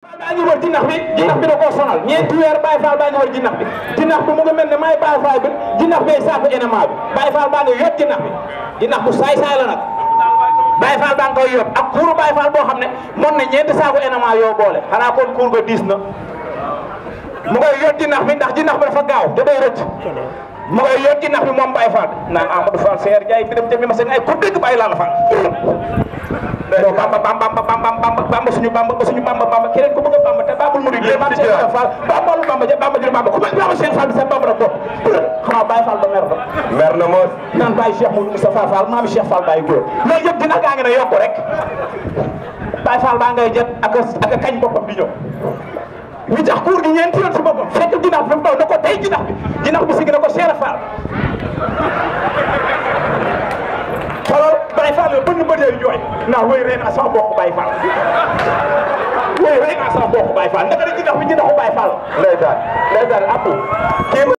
Baay baa bi jinax bi da koo sonal ñeenti weer Baay Faal baa ngi wër jinax bi jinax bi mu ngi mel ne maay Baay Faal bi jinax bee baa ngi yóbbu jinax bi jinax bu saay saay la nag Baay Faal baa ngi koy yóbbu ak na ñeenti saaku enema yoo boole xanaa kon kuur ga diis na mu ngay jinax bi ndax jinax bi a gaaw da day rëcc mu ngay yóbbu jinax bi moom Baay Faal naan Amadou Fall seer jaay bi dem jëmmi ma seen ay ku dégg Baay Laal Faal bamba suñu bamba ba suñu bamba bamba keneen ku bëgg a bamba te babul murid de bamba Cheikh Fall babul bamba ja bamba jël bamba ku bëgg bamba Cheikh Fall sa bamba rek bopp xanaa Baye Fall ba mer ba mer na moos naan Baye Cheikh Moudou Moustapha Fall maam Cheikh Fall Baye góor loolu yëpp dina gaa ngi ne yokku rek Baye Fall baa ngay jot ak ak kañ boppam di ñëw ñu tax kuur gi ñeenti yoon si boppam fekk jinax bi mu daw na ko tey jinax bi jinax bi si gën a ko Cheikh Fall tey jooy ndax wéy rey naa sama mbokk Baye Fall wéy rey naa sama mbokk Baye Fall naka la ci ndax bi ci ndaxu Baye Fall.